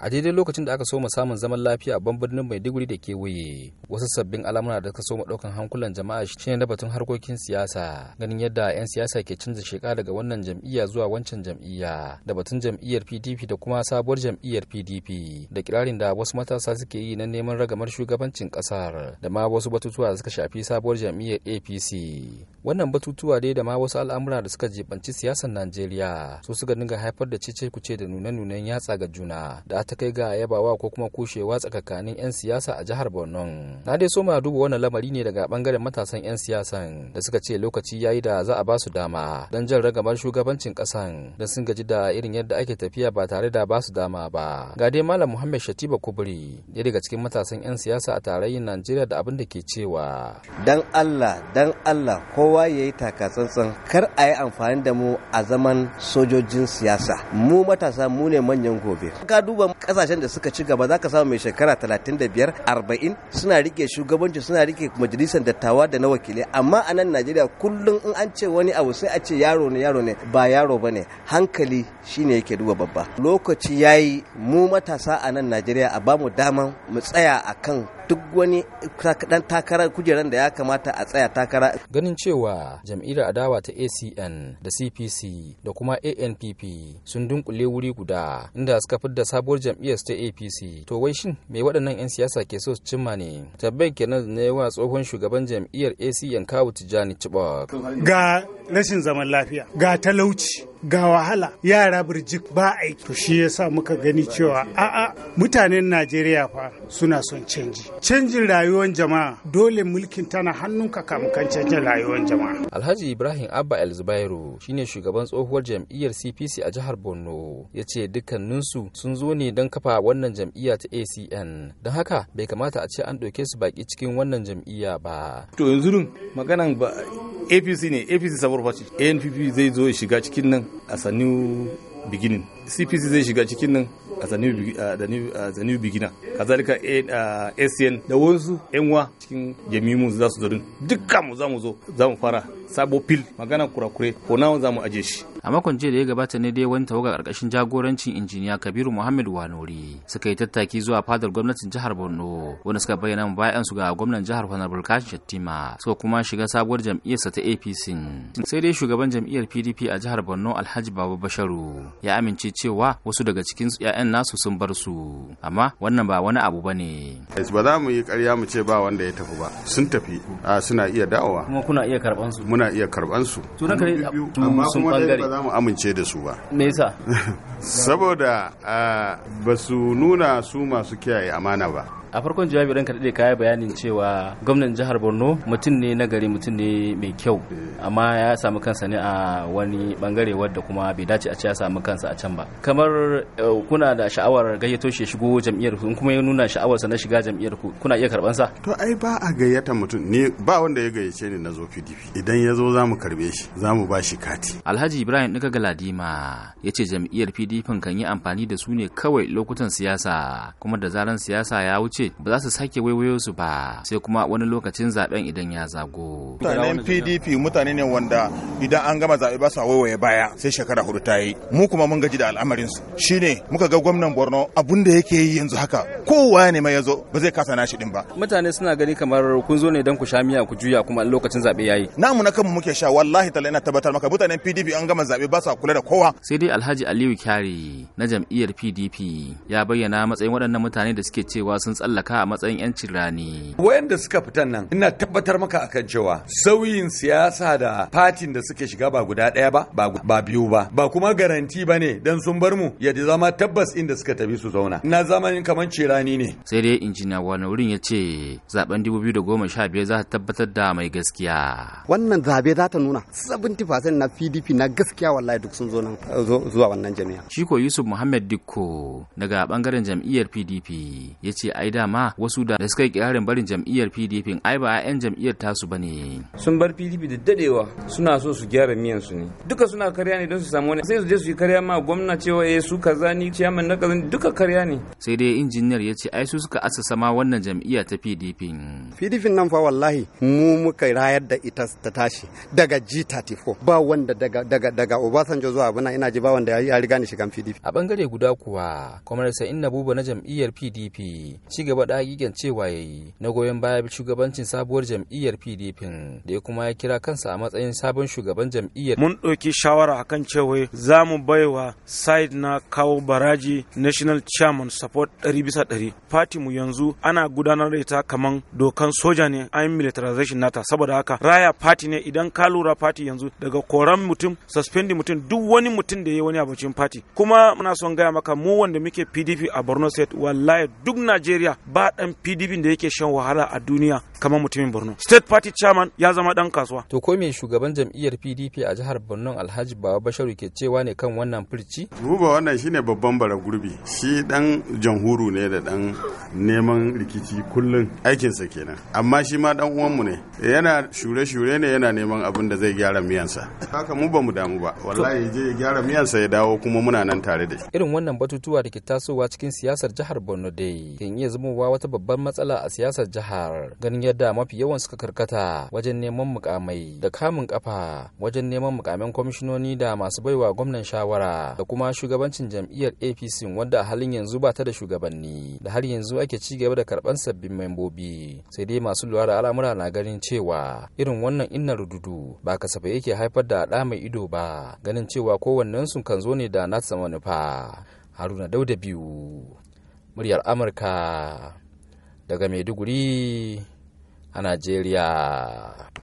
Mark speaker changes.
Speaker 1: a daidai lokacin da aka so mu samun zaman lafiya a birnin maiduguri da kewaye wasu sabbin alamuna da so soma daukan hankulan jama'a shine na batun harkokin siyasa ganin yadda 'yan siyasa ke canza sheka daga wannan jam'iyya zuwa wancan jam'iyya da batun jam'iyyar pdp da kuma sabuwar jam'iyyar pdp da kirarin da wasu matasa suke yi na neman ragamar shugabancin kasar da ma wasu batutuwa da suka shafi sabuwar jam'iyyar apc wannan batutuwa dai da ma wasu al'amura da suka jibanci siyasar najeriya su suka dinga haifar da cece kuce da nune-nunen yatsa ga juna da ta kai ga yabawa ko kuma kushewa tsakakanin 'yan siyasa a jihar borno na dai so ma duba wannan lamari ne daga bangaren matasan 'yan siyasa. da suka ce lokaci yayi da za a ba su dama don jan ragamar shugabancin kasan don sun gaji da irin yadda ake tafiya ba tare da ba su dama ba ga dai malam muhammad shatiba kubri ya daga cikin matasan 'yan siyasa a tarayyar najeriya da abin da ke cewa dan allah dan allah kowa ya yi tsantsan kar a yi amfani da mu a zaman sojojin siyasa mu matasa mu ne manyan gobe
Speaker 2: ka duba kasashen da suka ci gaba za ka samu mai shekara 35 40 suna rike shugabanci suna rike majalisar dattawa da na wakilai amma a nan najeriya kullum in an ce wani abu sai a ce yaro
Speaker 1: ne yaro ne ba yaro ba ne hankali shine yake duba babba lokaci ya yi mu matasa a nan najeriya a bamu daman mu tsaya a kan. duk wani dan takarar kujeran da ya kamata a tsaya takara. Ganin cewa jam'iyyar adawa ta ACN da CPC da kuma ANPP sun dunkule wuri guda inda suka fidda sabuwar jam'iyyar ta APC. To wai shin mai waɗannan 'yan siyasa ke so su cimma ne? Tabbai kenan ne wa tsohon shugaban jam'iyyar ACN Kawu Tijani Chibok. Ga rashin zaman lafiya,
Speaker 2: ga talauci, ga wahala yara birjik ba a to shi yasa muka gani cewa a'a mutanen najeriya fa suna son canji canjin rayuwar jama'a dole mulkin tana hannunka kamukan canjin rayuwar
Speaker 1: jama'a alhaji ibrahim abba el zubairu shine shugaban tsohuwar jam'iyyar cpc a jihar borno ya ce dukkaninsu sun zo ne don kafa wannan jam'iyya ta acn don haka bai kamata a ce an ɗauke su baki cikin wannan jam'iyya ba to yanzu maganan ba apc ne apc sabuwar anpp zai zo ya shiga cikin nan as a new beginning cpc zai shiga cikin nan as a new, uh, beginner kazalika acn da wasu wa cikin mu za su zo dukkan mu za mu zo za mu fara sabo fil magana kurakure ko nawa za mu aje shi a makon jiya da ya gabata ne dai wani tawaga karkashin jagorancin injiniya kabiru muhammad wanori suka yi tattaki zuwa fadar gwamnatin jihar borno wanda suka bayyana bayan su ga gwamnan jihar honorable kashi shattima suka kuma shiga sabuwar jam'iyyar sa ta apc sai dai shugaban jam'iyyar pdp a jihar borno alhaji baba basharu ya amince cewa wasu daga cikin 'ya'yan nasu sun bar
Speaker 2: su amma wannan ba wani abu ba ne ba za mu yi karya mu ce ba wanda ya tafi ba sun tafi suna iya dawowa kuma kuna iya karɓan su muna iya karban su mm, amma kuma dai ba za mu amince da su ba me yasa saboda ah, ba su nuna su masu kiyaye amana ba a farkon jawabi ranka daɗe kaya bayanin cewa gwamnan
Speaker 1: jihar borno mutum ne na gari mutum ne mai kyau amma ya samu kansa ne a wani bangare wadda kuma bai dace a ce ya samu kansa a can ba kamar eh, kuna da sha'awar gayyato shi shigo jam'iyyar ku kuma ya nuna sha'awarsa na shiga jam'iyyar ku kuna iya karban sa
Speaker 2: to ai ba a gayyata mutum ni ba wanda ya gayyace ni na zo PDP idan ya zo za mu karbe shi za mu ba shi kati
Speaker 1: Alhaji Ibrahim Ɗiga Galadima ya ce jam'iyyar PDP kan yi amfani da su ne kawai lokutan siyasa kuma da zaran siyasa ya wuce ce ba za su sake waiwayo su ba sai kuma wani lokacin zaben idan ya zago. Mutanen
Speaker 2: PDP mutane ne wanda idan an gama zaɓe ba su waiwaye baya sai shekara hudu ta yi. Mu kuma mun gaji da al'amarin su. Shine muka ga gwamnan Borno abun da yake yi yanzu haka kowa ne mai yazo ba zai kasa nashi din ba.
Speaker 1: Mutane suna gani kamar kun zo ne don ku sha miya ku juya kuma lokacin zaɓe yayi.
Speaker 2: Namu na kanmu muke sha wallahi talla ina tabbatar maka mutanen PDP an gama zaɓe ba su kula da kowa.
Speaker 1: Sai dai Alhaji Aliyu Kyari na jam'iyyar PDP ya bayyana matsayin waɗannan mutane da suke cewa sun tsala tsallaka a matsayin 'yancin rani. Wayanda suka fita nan
Speaker 2: ina tabbatar maka akan cewa sauyin siyasa da fatin da suke shiga ba guda ɗaya ba ba biyu ba ba kuma garanti ba ne don sun bar mu ya zama tabbas inda suka tafi su zauna.
Speaker 1: Ina zamanin kamar cirani ne. Sai dai injiniya wani wurin ya ce zaben 2015 za ta tabbatar da mai gaskiya.
Speaker 2: Wannan zabe za ta nuna 70% na PDP na gaskiya wallahi duk sun zo nan uh,
Speaker 1: zuwa wannan jami'a. shiko Yusuf Muhammad Dikko daga bangaren jam'iyyar PDP ya ce ai dama wasu da suka yi kirarin barin jam'iyyar pdp ai ba 'yan jam'iyyar tasu ba ne sun bar pdp da dadewa suna so su gyara miyan su ne duka suna karya ne don su samu wani sai su je su yi karya ma gwamna cewa eh su kaza ni ciyaman na kaza duka karya ne sai dai injiniyar ya ce ai su suka asasa ma wannan jam'iyya ta pdp
Speaker 2: pdp nan fa wallahi mu muka rayar da ita ta tashi daga g34 ba wanda daga daga daga obasanjo zuwa abuna ina ji ba wanda ya riga ni shigan pdp a bangare guda kuwa
Speaker 1: kwamar sai na buba na jam'iyyar pdp ci gaba da hakikan cewa ya yi na goyon baya shugabancin sabuwar jam'iyyar pdp da ya kuma ya kira kansa a matsayin sabon shugaban jam'iyyar mun ɗauki shawara a kan cewa za mu baiwa side na kawo baraji national chairman support ɗari bisa ɗari fati mu yanzu ana gudanar da ita kaman dokan soja ne an militarization nata saboda haka raya fati ne idan ka lura fati yanzu daga koran mutum suspendi mutum duk wani mutum da ya wani abincin fati kuma muna son gaya maka mu wanda muke pdp a borno state wallahi duk najeriya ba dan pdp da yake shan wahala a duniya kamar mutumin borno state party chairman ya zama dan kasuwa to ko me shugaban jam'iyyar pdp a jihar borno alhaji baba basharu ke cewa ne kan wannan firci
Speaker 2: ruba wannan shine babban bara gurbi shi dan jamhuru ne da dan neman rikici kullum aikinsa kenan amma shi ma dan uwanmu ne yana shure-shure ne yana neman abin da zai gyara miyansa haka mu ba mu damu ba wallahi je ya gyara miyansa ya dawo kuma muna nan tare da shi
Speaker 1: irin wannan batutuwa da ke tasowa cikin siyasar jihar borno dai kan iya zamowa wata babbar matsala a siyasar jihar ganin yadda mafi yawan suka karkata wajen neman mukamai da kamun kafa wajen neman mukamin kwamishinoni da masu baiwa gwamnan shawara da kuma shugabancin jam'iyyar apc wadda halin yanzu ba ta da shugabanni da har yanzu ake ci gaba da karban sabbin membobi sai dai masu lura da al'amura na ganin cewa irin wannan inna rududu ba kasafai yake haifar da ɗa mai ido ba ganin cewa kowannensu kan zo ne da nasa manufa haruna dauda biyu muryar amurka daga maiduguri a Najeriya.